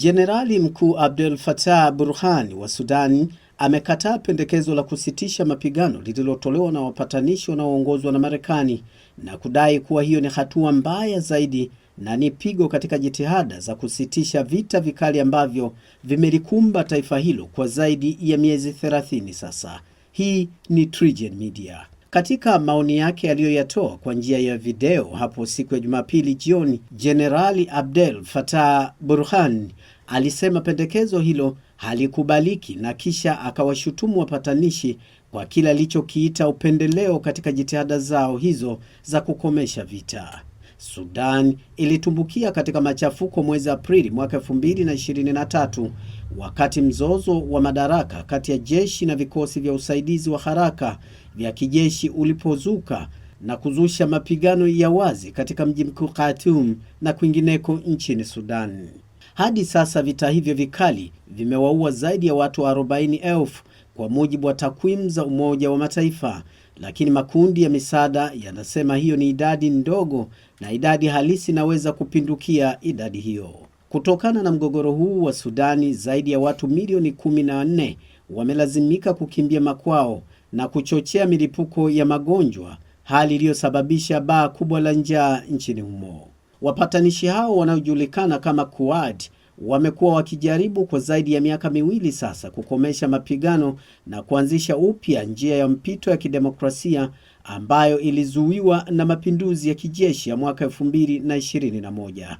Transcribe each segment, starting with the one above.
Jenerali Mkuu Abdel Fattah Burhani wa Sudani amekataa pendekezo la kusitisha mapigano lililotolewa na wapatanishi wanaoongozwa na Marekani na kudai kuwa hiyo ni hatua mbaya zaidi na ni pigo katika jitihada za kusitisha vita vikali ambavyo vimelikumba taifa hilo kwa zaidi ya miezi 30 sasa. Hii ni TriGen Media. Katika maoni yake aliyoyatoa kwa njia ya video hapo siku ya Jumapili jioni, Jenerali Abdel Fattah Burhan alisema pendekezo hilo halikubaliki na kisha akawashutumu wapatanishi kwa kile alichokiita upendeleo katika jitihada zao hizo za kukomesha vita. Sudan ilitumbukia katika machafuko mwezi Aprili mwaka 2023 wakati mzozo wa madaraka kati ya jeshi na vikosi vya usaidizi wa haraka vya kijeshi ulipozuka na kuzusha mapigano ya wazi katika mji mkuu Khartoum na kwingineko nchini Sudan. Hadi sasa vita hivyo vikali vimewaua zaidi ya watu 40,000 kwa mujibu wa takwimu za Umoja wa Mataifa lakini makundi ya misaada yanasema hiyo ni idadi ndogo na idadi halisi inaweza kupindukia idadi hiyo. Kutokana na mgogoro huu wa Sudani, zaidi ya watu milioni 14 wamelazimika kukimbia makwao na kuchochea milipuko ya magonjwa, hali iliyosababisha baa kubwa la njaa nchini humo. Wapatanishi hao wanaojulikana kama Kuad wamekuwa wakijaribu kwa zaidi ya miaka miwili sasa kukomesha mapigano na kuanzisha upya njia ya mpito ya kidemokrasia ambayo ilizuiwa na mapinduzi ya kijeshi ya mwaka 2021.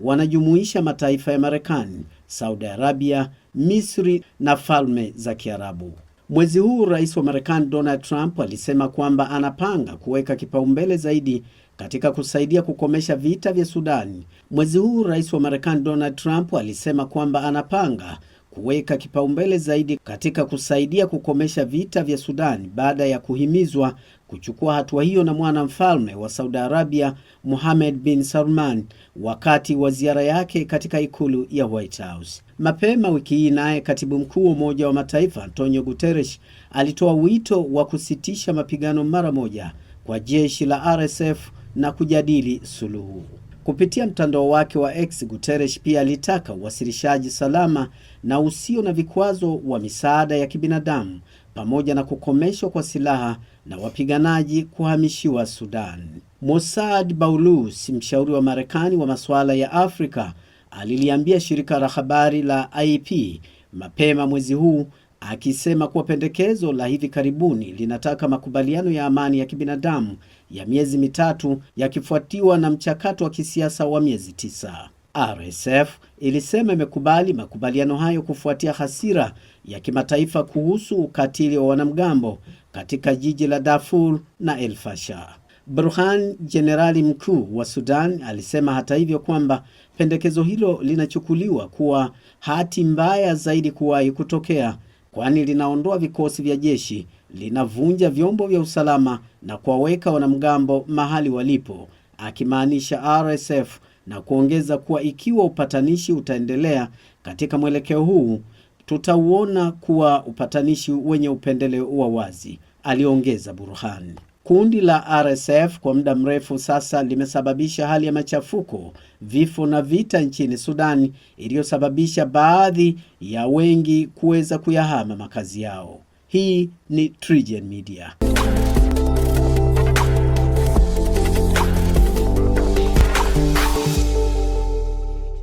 Wanajumuisha mataifa ya Marekani, Saudi Arabia, Misri na Falme za Kiarabu. Mwezi huu Rais wa Marekani Donald Trump alisema kwamba anapanga kuweka kipaumbele zaidi katika kusaidia kukomesha vita vya Sudani. Mwezi huu rais wa Marekani Donald Trump alisema kwamba anapanga kuweka kipaumbele zaidi katika kusaidia kukomesha vita vya Sudani baada ya kuhimizwa kuchukua hatua hiyo na mwanamfalme wa Saudi Arabia Mohammed bin Salman wakati wa ziara yake katika ikulu ya White House. Mapema wiki hii, naye katibu mkuu wa Umoja wa Mataifa Antonio Guterres alitoa wito wa kusitisha mapigano mara moja kwa jeshi la RSF na kujadili suluhu. Kupitia mtandao wake wa X, Guterres pia alitaka uwasilishaji salama na usio na vikwazo wa misaada ya kibinadamu pamoja na kukomeshwa kwa silaha na wapiganaji kuhamishiwa Sudan. Mossad baulus mshauri wa Marekani wa masuala ya Afrika, aliliambia shirika la habari la IP mapema mwezi huu akisema kuwa pendekezo la hivi karibuni linataka makubaliano ya amani ya kibinadamu ya miezi mitatu yakifuatiwa na mchakato wa kisiasa wa miezi tisa. RSF ilisema imekubali makubaliano hayo kufuatia hasira ya kimataifa kuhusu ukatili wa wanamgambo katika jiji la Darfur na El Fasher. Burhan, jenerali mkuu wa Sudan, alisema hata hivyo kwamba pendekezo hilo linachukuliwa kuwa hati mbaya zaidi kuwahi kutokea kwani linaondoa vikosi vya jeshi, linavunja vyombo vya usalama na kuwaweka wanamgambo mahali walipo, akimaanisha RSF, na kuongeza kuwa ikiwa upatanishi utaendelea katika mwelekeo huu, tutauona kuwa upatanishi wenye upendeleo wa wazi, aliongeza burhani Kundi la RSF kwa muda mrefu sasa limesababisha hali ya machafuko, vifo na vita nchini Sudan iliyosababisha baadhi ya wengi kuweza kuyahama makazi yao. Hii ni TriGen Media.